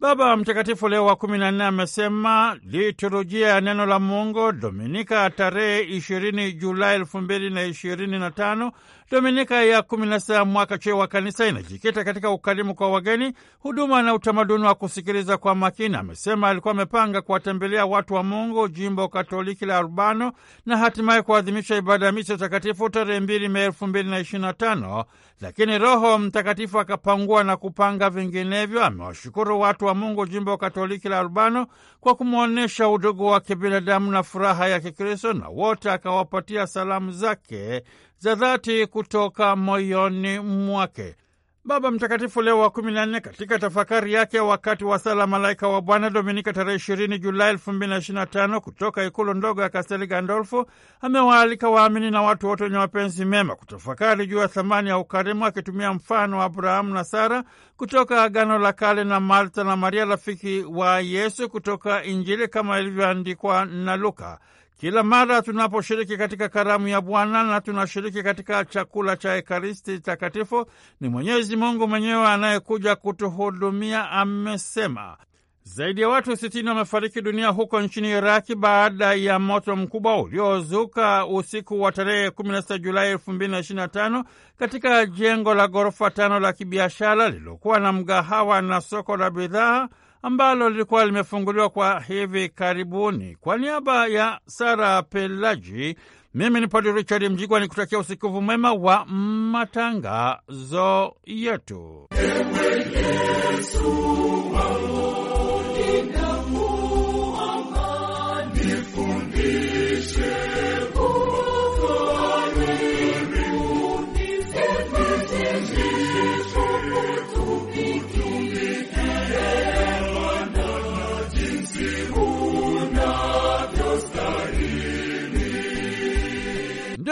Baba Mtakatifu Leo wa kumi na nne amesema liturujia ya neno la Mungu Dominika tarehe ishirini Julai elfu mbili na ishirini na tano Dominika ya kumi na saba mwaka C wa Kanisa inajikita katika ukarimu kwa wageni, huduma na utamaduni wa kusikiliza kwa makini. Amesema alikuwa amepanga kuwatembelea watu wa Mungu jimbo Katoliki la Urbano na hatimaye kuadhimisha ibada ya misa takatifu tarehe mbili Mei elfu mbili na ishirini na tano, lakini Roho Mtakatifu akapangua na kupanga vinginevyo. Amewashukuru watu wa Mungu jimbo Katoliki la Urbano kwa kumwonyesha udugu wa kibinadamu na furaha ya Kikristo, na wote akawapatia salamu zake za dhati kutoka moyoni mwake. Baba Mtakatifu Leo wa kumi na nne katika tafakari yake wakati wa sala Malaika wa Bwana Dominika tarehe ishirini Julai elfu mbili na ishirini na tano kutoka ikulu ndogo ya Kasteli Gandolfu amewaalika waamini na watu wote wenye mapenzi mema kutafakari juu ya thamani ya ukarimu, akitumia mfano wa Abrahamu na Sara kutoka Agano la Kale na Martha na Maria rafiki wa Yesu kutoka Injili kama ilivyoandikwa na Luka. Kila mara tunaposhiriki katika karamu ya Bwana na tunashiriki katika chakula cha Ekaristi Takatifu, ni Mwenyezi Mungu mwenyewe anayekuja kutuhudumia, amesema. Zaidi ya watu sitini wamefariki dunia huko nchini Iraki baada ya moto mkubwa uliozuka usiku wa tarehe 16 Julai 2025 katika jengo la ghorofa tano la kibiashara lililokuwa na mgahawa na soko la bidhaa ambalo lilikuwa limefunguliwa kwa hivi karibuni. Kwa niaba ya Sara Pelaji, mimi ni Padre Richard Mjigwa ni kutakia usikivu mwema wa matangazo yetu. Ewe Yesu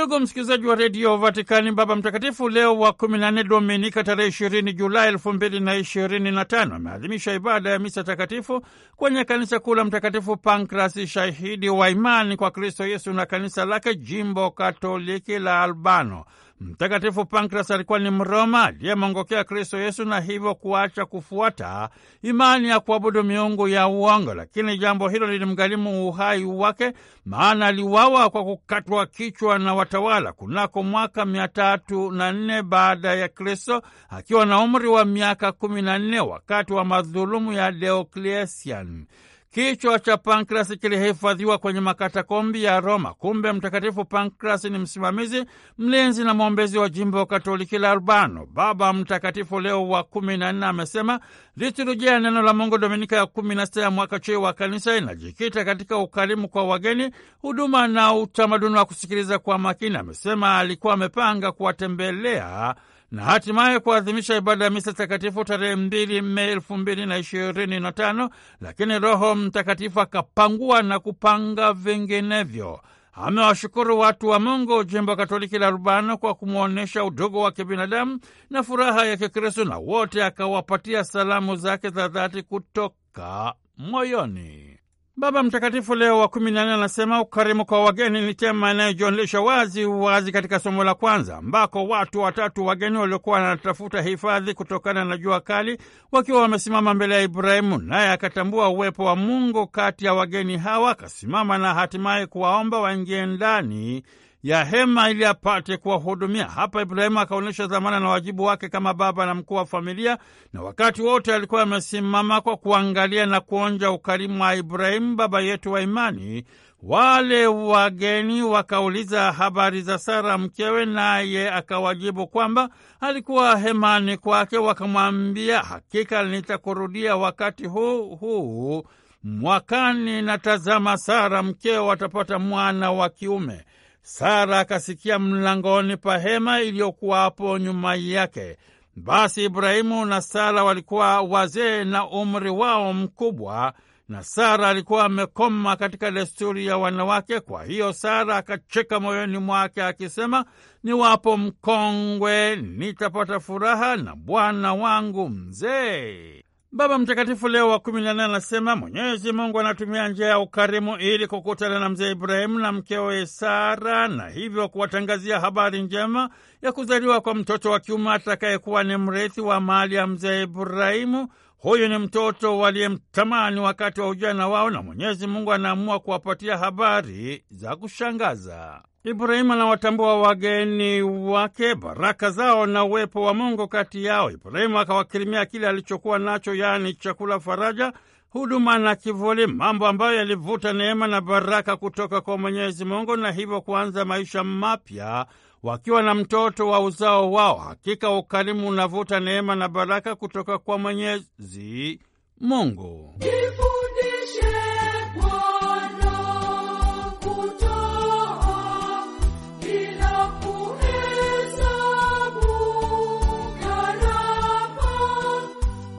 Ndugu msikilizaji wa redio Vatikani, Baba Mtakatifu Leo wa 14 Dominika tarehe 20 Julai 225 ameadhimisha ibada ya misa takatifu kwenye kanisa kuu la Mtakatifu Pankras, shahidi wa imani kwa Kristo Yesu na kanisa lake, jimbo katoliki la Albano. Mtakatifu Pankras alikuwa ni Mroma aliyemwongokea Kristo Yesu na hivyo kuacha kufuata imani ya kuabudu miungu ya uongo, lakini jambo hilo lilimgharimu uhai wake, maana aliwawa kwa kukatwa kichwa na watawala kunako mwaka mia tatu na nne baada ya Kristo akiwa na umri wa miaka kumi na nne wakati wa madhulumu ya Deoklesian. Kichwa cha Pankras kilihifadhiwa kwenye makatakombi ya Roma. Kumbe Mtakatifu Pankras ni msimamizi, mlinzi na mwombezi wa jimbo Katoliki la Albano. Baba Mtakatifu Leo wa kumi na nne amesema liturujia neno la Mungu Dominika ya kumi na sita ya mwaka chii wa kanisa inajikita katika ukarimu kwa wageni, huduma na utamaduni wa kusikiliza kwa makini. Amesema alikuwa amepanga kuwatembelea na hatimaye kuadhimisha ibada ya misa takatifu tarehe mbili Mei elfu mbili na ishirini na tano, lakini Roho Mtakatifu akapangua na kupanga vinginevyo. Amewashukuru watu wa Mungu jimbo Katoliki la Rubano kwa kumwonyesha udogo wa kibinadamu na furaha ya kikristu na wote akawapatia salamu zake za dhati kutoka moyoni. Baba Mtakatifu Leo wa kumi na nne anasema ukarimu kwa wageni ni tema inayojionesha wazi wazi katika somo la kwanza, ambako watu watatu wageni waliokuwa wanatafuta hifadhi kutokana na jua kali wakiwa wamesimama mbele ya Ibrahimu, naye akatambua uwepo wa Mungu kati ya wageni hawa, akasimama na hatimaye kuwaomba waingie ndani ya hema ili apate kuwahudumia. Hapa Ibrahimu akaonyesha dhamana na wajibu wake kama baba na mkuu wa familia, na wakati wote alikuwa amesimama kwa kuangalia na kuonja ukarimu wa Ibrahimu baba yetu wa imani. Wale wageni wakauliza habari za Sara mkewe, naye akawajibu kwamba alikuwa hemani kwake. Wakamwambia, hakika nitakurudia wakati huu huu mwakani, natazama Sara mkewe watapata mwana wa kiume. Sara akasikia mlangoni pa hema iliyokuwa hapo nyuma yake. Basi Ibrahimu na Sara walikuwa wazee na umri wao mkubwa, na Sara alikuwa amekoma katika desturi ya wanawake. Kwa hiyo Sara akacheka moyoni mwake akisema, niwapo mkongwe nitapata furaha, na bwana wangu mzee Baba Mtakatifu Leo wa kumi na nane anasema Mwenyezi Mungu anatumia njia ya ukarimu ili kukutana na mzee Ibrahimu na mkewe Sara na hivyo kuwatangazia habari njema ya kuzaliwa kwa mtoto wa kiume atakayekuwa ni mrithi wa mali ya mzee Ibrahimu. Huyu ni mtoto waliyemtamani wakati wa ujana wao, na Mwenyezi Mungu anaamua kuwapatia habari za kushangaza. Ibrahimu anawatambua wageni wake, baraka zao na uwepo wa Mungu kati yao. Ibrahimu akawakirimia kile alichokuwa nacho, yaani chakula, faraja, huduma na kivuli, mambo ambayo yalivuta neema na baraka kutoka kwa Mwenyezi Mungu, na hivyo kuanza maisha mapya wakiwa na mtoto wa uzao wao. Hakika ukarimu unavuta neema na baraka kutoka kwa Mwenyezi Mungu. Kifu.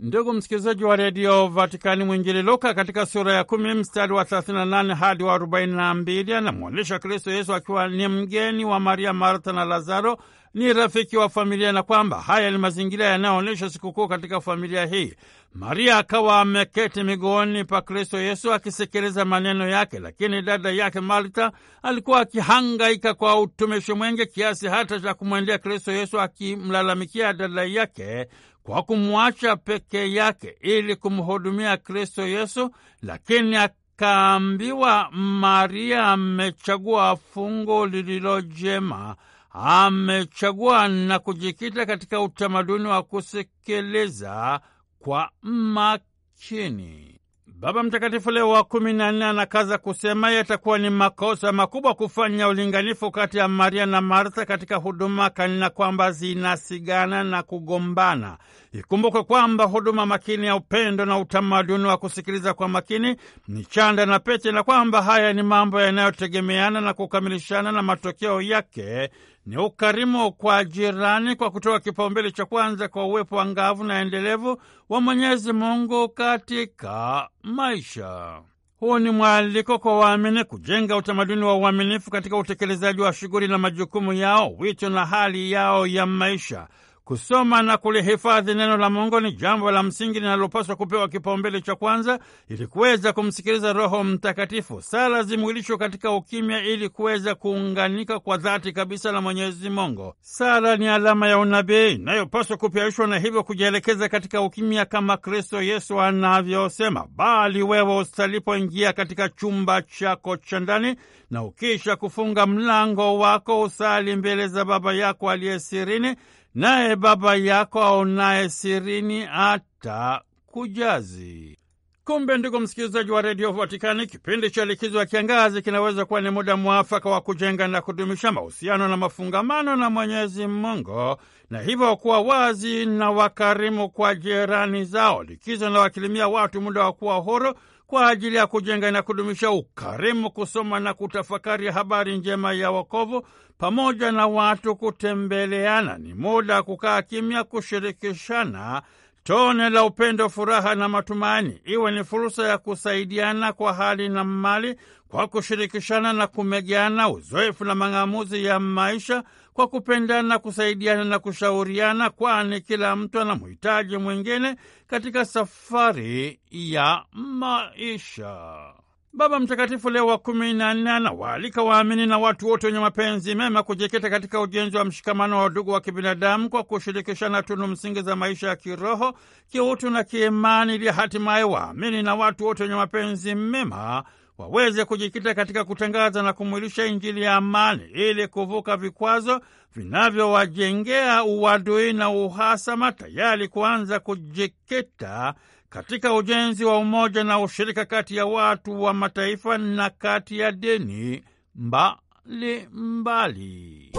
Ndugu msikilizaji wa redio Vatikani, mwinjili Luka katika sura ya kumi mstari wa 38 hadi wa 42 anamwonyesha Kristo Yesu akiwa ni mgeni wa Maria, Martha na Lazaro, ni rafiki wa familia, na kwamba haya ni mazingira yanayoonyesha sikukuu katika familia hii. Maria akawa ameketi miguuni pa Kristo Yesu akisikiliza maneno yake, lakini dada yake Marta alikuwa akihangaika kwa utumishi mwingi kiasi hata cha kumwendea Kristo Yesu akimlalamikia dada yake kwa kumwacha peke yake ili kumhudumia Kristo Yesu, lakini akaambiwa, Maria amechagua fungu lililo jema. Amechagua na kujikita katika utamaduni wa kusikiliza kwa makini. Baba Mtakatifu Leo wa kumi na nne anakaza kusema yatakuwa ni makosa makubwa kufanya ulinganifu kati ya Maria na Martha katika huduma kanina kwamba zinasigana na kugombana. Ikumbukwe kwamba huduma makini ya upendo na utamaduni wa kusikiliza kwa makini ni chanda na pete, na kwamba haya ni mambo yanayotegemeana na kukamilishana na matokeo yake ni ukarimu kwa jirani kwa kutoa kipaumbele cha kwanza kwa uwepo ngavu na endelevu wa Mwenyezi Mungu katika maisha. Huu ni mwaliko kwa waamini kujenga utamaduni wa uaminifu katika utekelezaji wa shughuli na majukumu yao, wito na hali yao ya maisha. Kusoma na kulihifadhi neno la Mungu ni jambo la msingi linalopaswa kupewa kipaumbele cha kwanza ili kuweza kumsikiliza Roho Mtakatifu. Sala zimwilishwa katika ukimya ili kuweza kuunganika kwa dhati kabisa na Mwenyezi Mungu. Sala ni alama ya unabii inayopaswa kupyaishwa na hivyo kujielekeza katika ukimya kama Kristo Yesu anavyosema, bali wewe usalipoingia katika chumba chako cha ndani na ukisha kufunga mlango wako, usali mbele za Baba yako aliye sirini naye Baba yako aonaye sirini atakujazi. Kumbe ndugu msikilizaji wa redio Vatikani, kipindi cha likizo ya kiangazi kinaweza kuwa ni muda mwafaka wa kujenga na kudumisha mahusiano na mafungamano na Mwenyezi Mungu, na hivyo kuwa wazi na wakarimu kwa jirani zao. Likizo inawakilimia watu muda wa kuwa huru kwa ajili ya kujenga na kudumisha ukarimu, kusoma na kutafakari habari njema ya wokovu pamoja na watu kutembeleana. Ni muda wa kukaa kimya, kushirikishana tone la upendo, furaha na matumaini, iwe ni fursa ya kusaidiana kwa hali na mali, kwa kushirikishana na kumegeana uzoefu na mang'amuzi ya maisha, kwa kupendana, kusaidiana na kushauriana, kwani kila mtu anamhitaji mwingine katika safari ya maisha. Baba Mtakatifu Leo wa kumi na nne anawaalika waamini na watu wote wenye mapenzi mema kujikita katika ujenzi wa mshikamano wa udugu wa kibinadamu kwa kushirikishana tunu msingi za maisha ya kiroho, kiutu na kiimani, ili hatimaye waamini na watu wote wenye mapenzi mema waweze kujikita katika kutangaza na kumwilisha Injili ya amani ili kuvuka vikwazo vinavyowajengea uadui na uhasama, tayari kuanza kujikita katika ujenzi wa umoja na ushirika kati ya watu wa mataifa na kati ya dini mbalimbali mbali.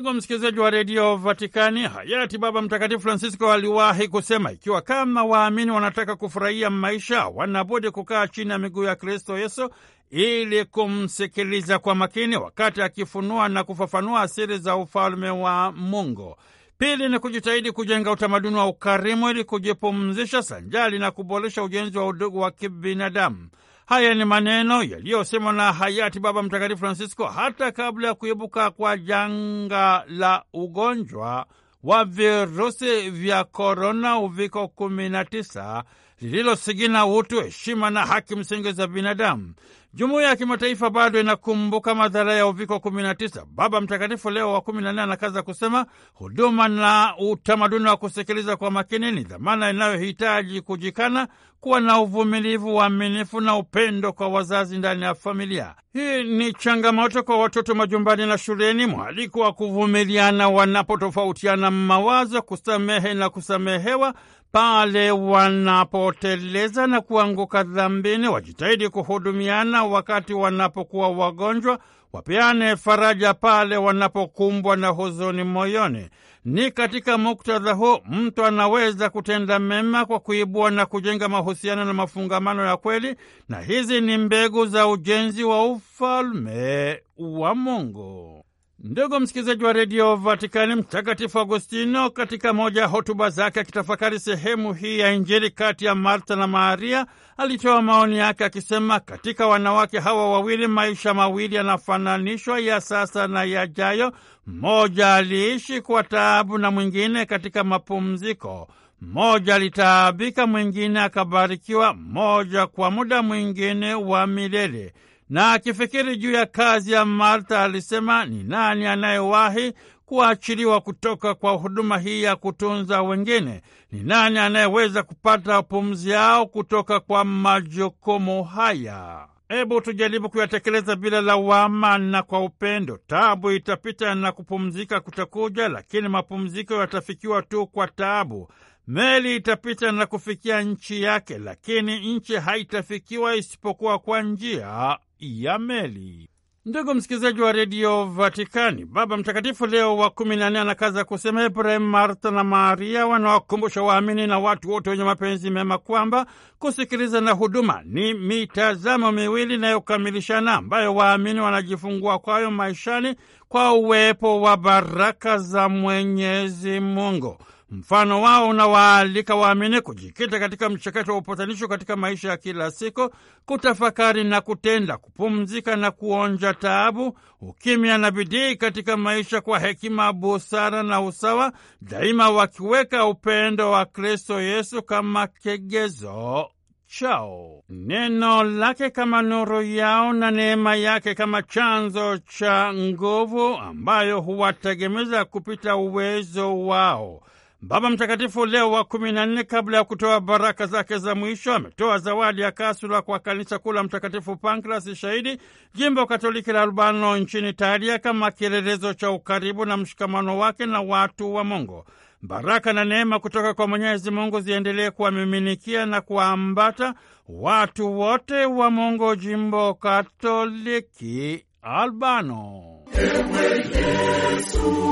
Ndugu msikilizaji wa redio Vatikani, hayati Baba Mtakatifu Francisco aliwahi kusema, ikiwa kama waamini wanataka kufurahia maisha, wanabudi kukaa chini ya miguu ya Kristo Yesu ili kumsikiliza kwa makini, wakati akifunua na kufafanua asiri za ufalme wa Mungu. Pili ni kujitahidi kujenga utamaduni wa ukarimu ili kujipumzisha sanjali na kuboresha ujenzi wa udugu wa kibinadamu. Haya ni maneno yaliyosemwa na hayati Baba Mtakatifu Francisco hata kabla ya kuibuka kwa janga la ugonjwa wa virusi vya korona uviko 19 lililosigina utu, heshima na haki msingi za binadamu. Jumuiya ya kimataifa bado inakumbuka madhara ya uviko 19. Baba Mtakatifu Leo wa 14 anakaza kusema huduma na utamaduni wa kusikiliza kwa makini ni dhamana inayohitaji kujikana, kuwa na uvumilivu, uaminifu na upendo kwa wazazi ndani ya familia. Hii ni changamoto kwa watoto majumbani na shuleni, mwaliko wa kuvumiliana wanapotofautiana mawazo, kusamehe na kusamehewa pale wanapoteleza na kuanguka dhambini, wajitahidi kuhudumiana kuwaona wakati wanapokuwa wagonjwa, wapeane faraja pale wanapokumbwa na huzuni moyoni. Ni katika muktadha huu mtu anaweza kutenda mema kwa kuibua na kujenga mahusiano na mafungamano ya kweli, na hizi ni mbegu za ujenzi wa ufalme wa Mungu. Ndugu msikilizaji wa redio Vatikani, Mtakatifu Agostino katika moja ya hotuba zake akitafakari sehemu hii ya Injili kati ya Martha na Maria alitoa maoni yake akisema, katika wanawake hawa wawili maisha mawili yanafananishwa, ya sasa na yajayo. Mmoja aliishi kwa taabu na mwingine katika mapumziko. Mmoja alitaabika, mwingine akabarikiwa, mmoja kwa muda, mwingine wa milele na akifikiri juu ya kazi ya marta alisema, ni nani anayewahi kuachiliwa kutoka kwa huduma hii ya kutunza wengine? Ni nani anayeweza kupata pumzi yao kutoka kwa majukumu haya? Hebu tujaribu kuyatekeleza bila lawama na kwa upendo. Taabu itapita na kupumzika kutakuja, lakini mapumziko yatafikiwa tu kwa taabu. Meli itapita na kufikia nchi yake, lakini nchi haitafikiwa isipokuwa kwa njia ya meli. Ndugu msikilizaji wa redio Vatikani, Baba Mtakatifu Leo wa kumi na nne anakaza kusema, ibrahimu Martha na Maria wanawakumbusha waamini na watu wote wenye mapenzi mema kwamba kusikiliza na huduma ni mitazamo miwili inayokamilishana ambayo waamini wanajifungua kwayo maishani kwa uwepo wa baraka za Mwenyezi Mungu. Mfano wao unawaalika waamini kujikita katika mchakato wa upatanisho katika maisha ya kila siku, kutafakari na kutenda, kupumzika na kuonja taabu, ukimya na bidii katika maisha kwa hekima, busara na usawa, daima wakiweka upendo wa Kristo Yesu kama kigezo chao, neno lake kama nuru yao na neema yake kama chanzo cha nguvu ambayo huwategemeza kupita uwezo wao. Baba Mtakatifu Leo wa kumi na nne, kabla ya kutoa baraka zake za mwisho, ametoa zawadi ya kasula kwa kanisa kuu la Mtakatifu Pankras shahidi jimbo katoliki la albano nchini Italia, kama kielelezo cha ukaribu na mshikamano wake na watu wa Mongo. Baraka na neema kutoka kwa Mwenyezi Mungu ziendelee kuwamiminikia na kuwaambata watu wote wa Mongo, jimbo katoliki Albano. Ewe Yesu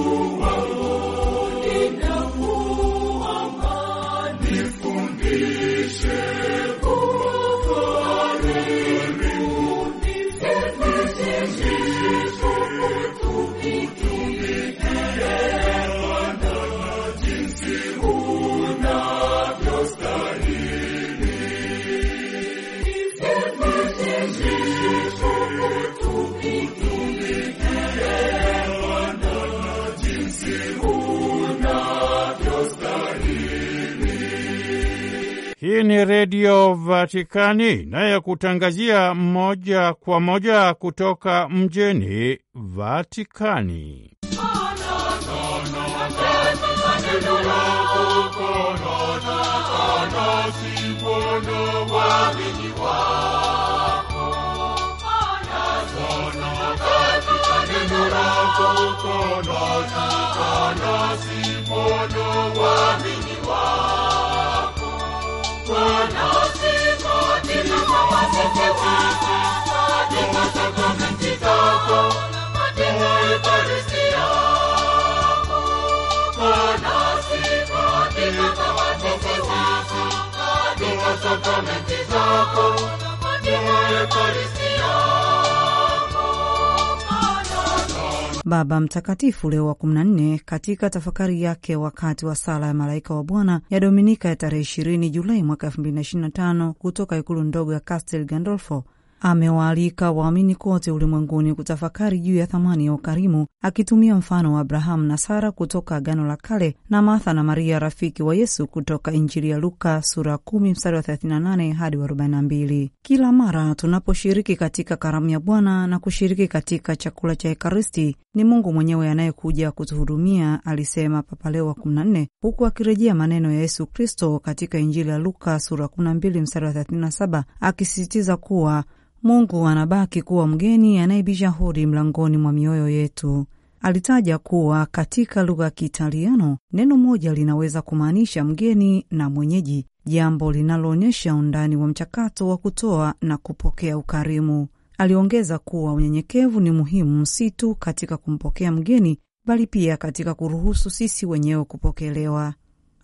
Hii ni Redio Vatikani inayokutangazia moja kwa moja kutoka mjini Vatikani. Come on. Baba Mtakatifu Leo wa 14 katika tafakari yake wakati wa sala ya malaika wa Bwana ya Dominika ya tarehe 20 Julai mwaka 2025 kutoka ikulu ndogo ya Castel Gandolfo Amewaalika waamini kote ulimwenguni kutafakari juu ya thamani ya ukarimu, akitumia mfano wa Abrahamu na Sara kutoka Agano la Kale na Martha na Maria rafiki wa Yesu kutoka Injili ya Luka sura 10 mstari wa 38 hadi 42. Kila mara tunaposhiriki katika karamu ya Bwana na kushiriki katika chakula cha Ekaristi, ni Mungu mwenyewe anayekuja kutuhudumia, alisema Papa Leo wa 14, huku akirejea maneno ya Yesu Kristo katika Injili ya Luka sura 12 mstari wa 37, akisisitiza kuwa Mungu anabaki kuwa mgeni anayebisha hodi mlangoni mwa mioyo yetu. Alitaja kuwa katika lugha ya Kiitaliano neno moja linaweza kumaanisha mgeni na mwenyeji, jambo linaloonyesha undani wa mchakato wa kutoa na kupokea ukarimu. Aliongeza kuwa unyenyekevu ni muhimu si tu katika kumpokea mgeni, bali pia katika kuruhusu sisi wenyewe kupokelewa,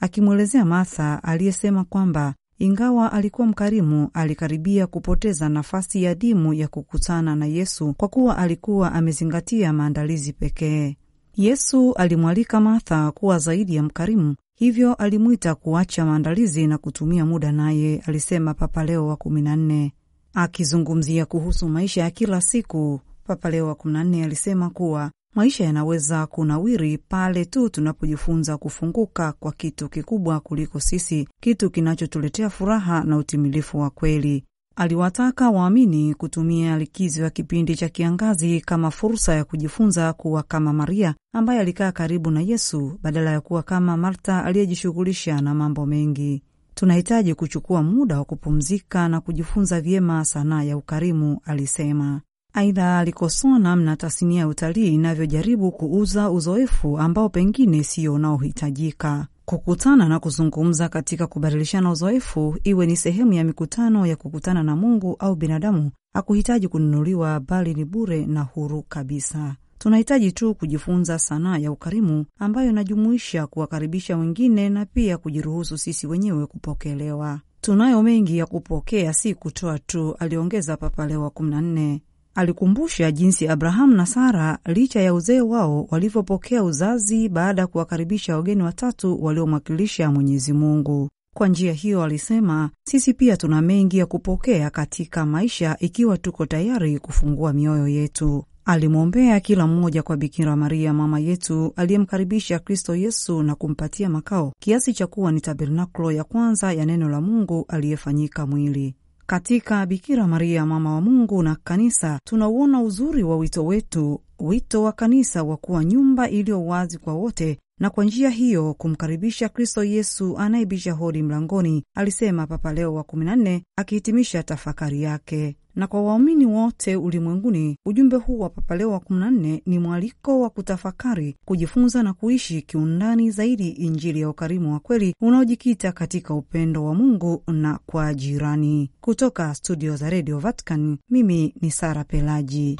akimwelezea Martha aliyesema kwamba ingawa alikuwa mkarimu, alikaribia kupoteza nafasi ya dimu ya kukutana na Yesu kwa kuwa alikuwa amezingatia maandalizi pekee. Yesu alimwalika Martha kuwa zaidi ya mkarimu, hivyo alimwita kuacha maandalizi na kutumia muda naye, alisema Papa Leo wa kumi na nne. Akizungumzia kuhusu maisha ya kila siku, Papa Leo wa kumi na nne alisema kuwa Maisha yanaweza kunawiri pale tu tunapojifunza kufunguka kwa kitu kikubwa kuliko sisi, kitu kinachotuletea furaha na utimilifu wa kweli. Aliwataka waamini kutumia likizo ya kipindi cha kiangazi kama fursa ya kujifunza kuwa kama Maria ambaye alikaa karibu na Yesu badala ya kuwa kama Marta aliyejishughulisha na mambo mengi. Tunahitaji kuchukua muda wa kupumzika na kujifunza vyema sanaa ya ukarimu, alisema. Aidha, alikosoa namna tasnia ya utalii inavyojaribu kuuza uzoefu ambao pengine sio unaohitajika. Kukutana na kuzungumza katika kubadilishana uzoefu, iwe ni sehemu ya mikutano ya kukutana na Mungu au binadamu, hakuhitaji kununuliwa, bali ni bure na huru kabisa. Tunahitaji tu kujifunza sanaa ya ukarimu ambayo inajumuisha kuwakaribisha wengine na pia kujiruhusu sisi wenyewe kupokelewa. Tunayo mengi ya kupokea, si kutoa tu, aliongeza Papa Leo wa kumi na nne. Alikumbusha jinsi Abrahamu na Sara licha ya uzee wao walivyopokea uzazi baada ya kuwakaribisha wageni watatu waliomwakilisha Mwenyezi Mungu. Kwa njia hiyo, alisema sisi pia tuna mengi ya kupokea katika maisha ikiwa tuko tayari kufungua mioyo yetu. Alimwombea kila mmoja kwa Bikira Maria mama yetu aliyemkaribisha Kristo Yesu na kumpatia makao kiasi cha kuwa ni tabernakulo ya kwanza ya neno la Mungu aliyefanyika mwili. Katika Bikira Maria mama wa Mungu na kanisa tunauona uzuri wa wito wetu, wito wa kanisa wa kuwa nyumba iliyo wazi kwa wote na kwa njia hiyo kumkaribisha Kristo Yesu anayebisha hodi mlangoni, alisema Papa Leo wa 14 akihitimisha tafakari yake na kwa waumini wote ulimwenguni. Ujumbe huu wa Papa Leo wa 14 ni mwaliko wa kutafakari, kujifunza na kuishi kiundani zaidi Injili ya ukarimu wa kweli unaojikita katika upendo wa Mungu na kwa jirani. Kutoka studio za redio Vatican, mimi ni Sara Pelaji.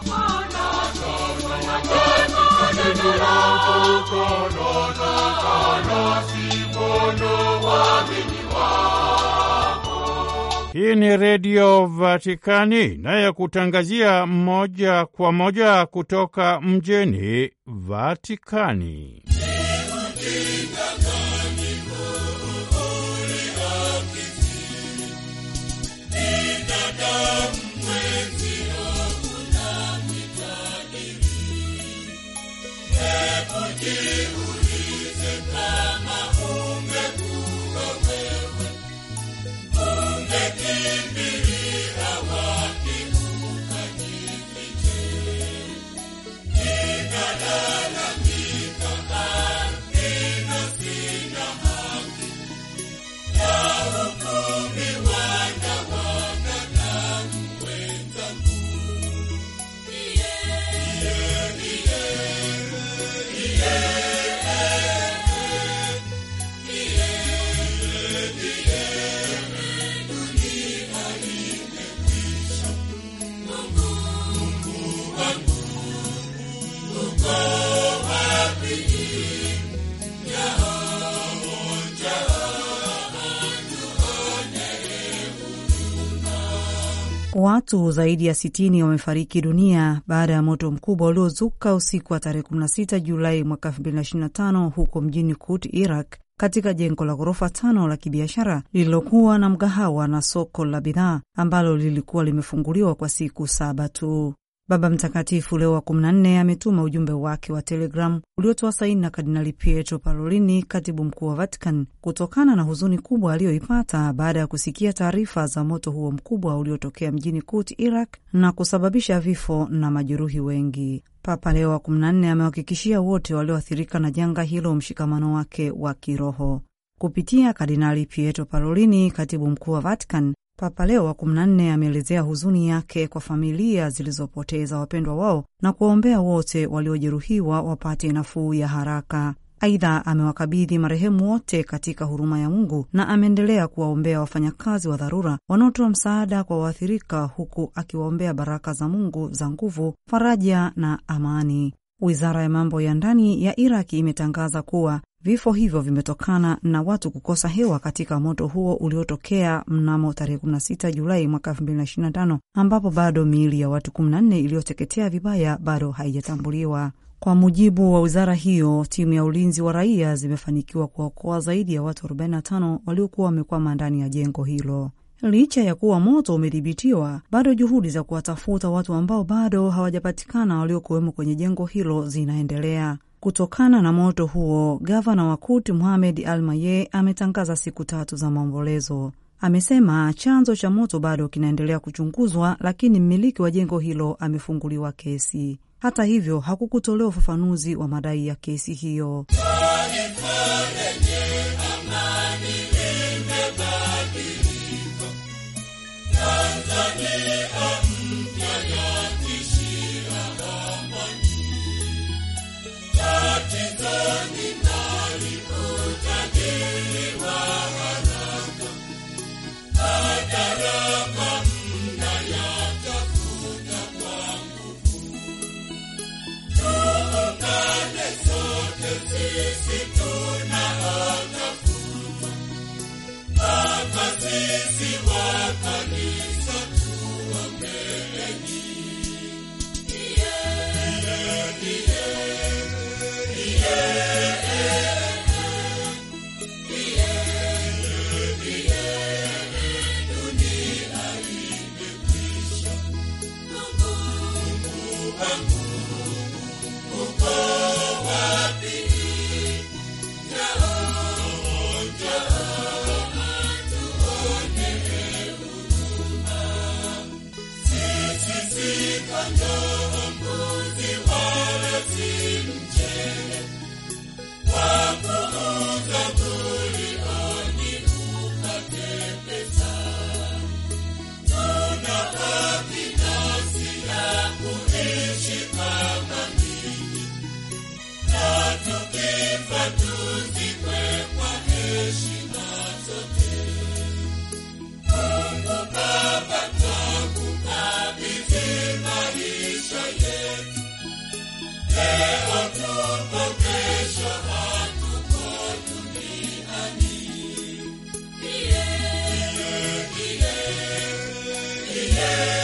Hii ni Redio Vatikani inayokutangazia moja kwa moja kutoka mjini Vatikani. Watu zaidi ya 60 wamefariki dunia baada ya moto mkubwa uliozuka usiku wa tarehe 16 Julai mwaka 2025 huko mjini Kut, Iraq, katika jengo la ghorofa tano la kibiashara lililokuwa na mgahawa na soko la bidhaa ambalo lilikuwa limefunguliwa kwa siku saba tu. Baba Mtakatifu Leo wa 14 ametuma ujumbe wake wa Telegram uliotoa saini na Kardinali Pietro Parolini, katibu mkuu wa Vatican, kutokana na huzuni kubwa aliyoipata baada ya kusikia taarifa za moto huo mkubwa uliotokea mjini Kut, Iraq, na kusababisha vifo na majeruhi wengi. Papa Leo wa 14 amewahakikishia wote walioathirika na janga hilo mshikamano wake wa kiroho. Kupitia Kardinali Pietro Parolini, katibu mkuu wa Vatican, Papa Leo wa kumi na nne ameelezea huzuni yake kwa familia zilizopoteza wapendwa wao na kuwaombea wote waliojeruhiwa wapate nafuu ya haraka. Aidha, amewakabidhi marehemu wote katika huruma ya Mungu na ameendelea kuwaombea wafanyakazi wa dharura wanaotoa msaada kwa waathirika, huku akiwaombea baraka za Mungu za nguvu, faraja na amani. Wizara ya mambo ya ndani ya Iraki imetangaza kuwa Vifo hivyo vimetokana na watu kukosa hewa katika moto huo uliotokea mnamo tarehe 16 Julai mwaka 2025 ambapo bado miili ya watu 14 iliyoteketea vibaya bado haijatambuliwa. Kwa mujibu wa wizara hiyo, timu ya ulinzi wa raia zimefanikiwa kuwaokoa zaidi ya watu 45 waliokuwa wamekwama ndani ya jengo hilo. Licha ya kuwa moto umedhibitiwa, bado juhudi za kuwatafuta watu ambao bado hawajapatikana waliokuwemo kwenye jengo hilo zinaendelea. Kutokana na moto huo, gavana wa Kut Muhamed Al Maye ametangaza siku tatu za maombolezo. Amesema chanzo cha moto bado kinaendelea kuchunguzwa, lakini mmiliki wa jengo hilo amefunguliwa kesi. Hata hivyo, hakukutolewa ufafanuzi wa madai ya kesi hiyo. Oh. Yeah.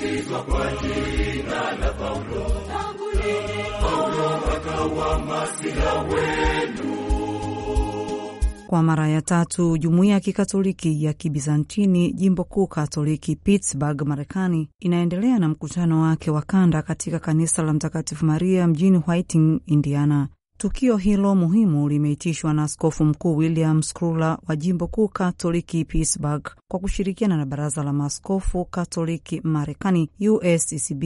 kwa jina la Paulo, Paulo akawa masiha wenu. Kwa mara ya tatu jumuiya ya kikatoliki ya kibizantini jimbo kuu katoliki Pittsburgh, Marekani, inaendelea na mkutano wake wa kanda katika kanisa la Mtakatifu Maria mjini Whiting, Indiana. Tukio hilo muhimu limeitishwa na askofu mkuu William Skrula wa jimbo kuu Katoliki Pittsburgh kwa kushirikiana na baraza la maaskofu Katoliki Marekani, USCCB.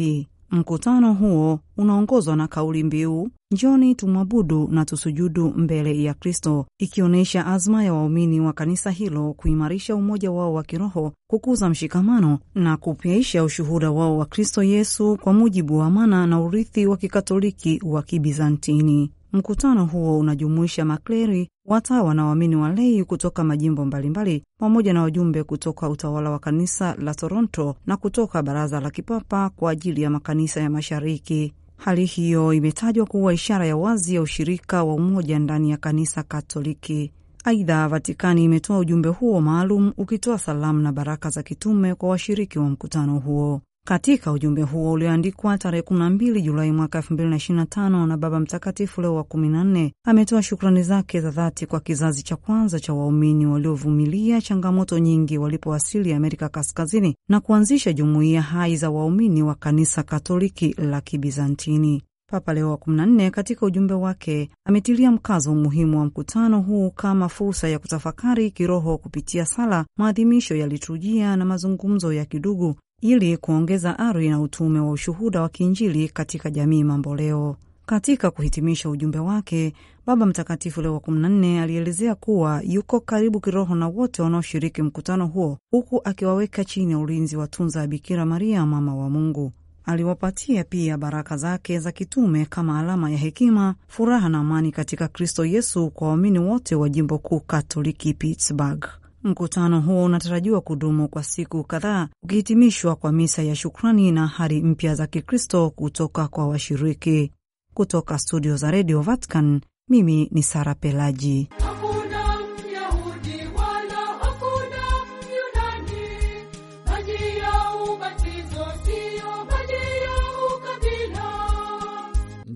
Mkutano huo unaongozwa na kauli mbiu njoni tumwabudu na tusujudu mbele ya Kristo, ikionyesha azma ya waumini wa kanisa hilo kuimarisha umoja wao wa kiroho, kukuza mshikamano na kupyaisha ushuhuda wao wa Kristo Yesu kwa mujibu wa amana na urithi wa kikatoliki wa Kibizantini. Mkutano huo unajumuisha makleri, watawa na waamini walei kutoka majimbo mbalimbali pamoja na wajumbe kutoka utawala wa kanisa la Toronto na kutoka baraza la kipapa kwa ajili ya makanisa ya mashariki. Hali hiyo imetajwa kuwa ishara ya wazi ya ushirika wa umoja ndani ya kanisa Katoliki. Aidha, Vatikani imetoa ujumbe huo maalum ukitoa salamu na baraka za kitume kwa washiriki wa mkutano huo. Katika ujumbe huo ulioandikwa tarehe 12 Julai mwaka 2025 na Baba Mtakatifu Leo wa 14 ametoa shukrani zake za dhati kwa kizazi cha kwanza cha waumini waliovumilia changamoto nyingi walipowasili Amerika Kaskazini na kuanzisha jumuiya hai za waumini wa Kanisa Katoliki la Kibizantini. Papa Leo wa 14 katika ujumbe wake ametilia mkazo umuhimu wa mkutano huu kama fursa ya kutafakari kiroho kupitia sala, maadhimisho ya liturujia na mazungumzo ya kidugu ili kuongeza ari na utume wa ushuhuda wa kiinjili katika jamii mamboleo. Katika kuhitimisha ujumbe wake, Baba Mtakatifu Leo wa 14 alielezea kuwa yuko karibu kiroho na wote wanaoshiriki mkutano huo, huku akiwaweka chini ya ulinzi wa tunza ya Bikira Maria, mama wa Mungu. Aliwapatia pia baraka zake za kitume kama alama ya hekima, furaha na amani katika Kristo Yesu kwa waamini wote wa jimbo kuu Katoliki Pittsburgh. Mkutano huo unatarajiwa kudumu kwa siku kadhaa, ukihitimishwa kwa misa ya shukrani na hari mpya za Kikristo kutoka kwa washiriki. Kutoka studio za redio Vatican, mimi ni Sara Pelaji.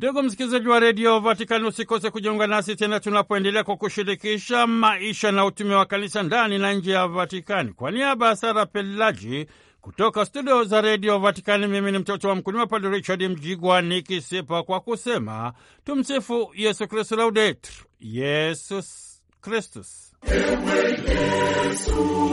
Ndugu msikilizaji wa redio Vatikani, usikose kujiunga nasi tena tunapoendelea kwa kushirikisha maisha na utume wa kanisa ndani na nje ya Vatikani. Kwa niaba ya Sara Pelaji kutoka studio za redio Vatikani, mimi ni mtoto wa mkulima Padre Richard Mjigwa nikisipa kwa kusema tumsifu Yesu Kristu, laudetur Yesus Kristus. Ewe Yesu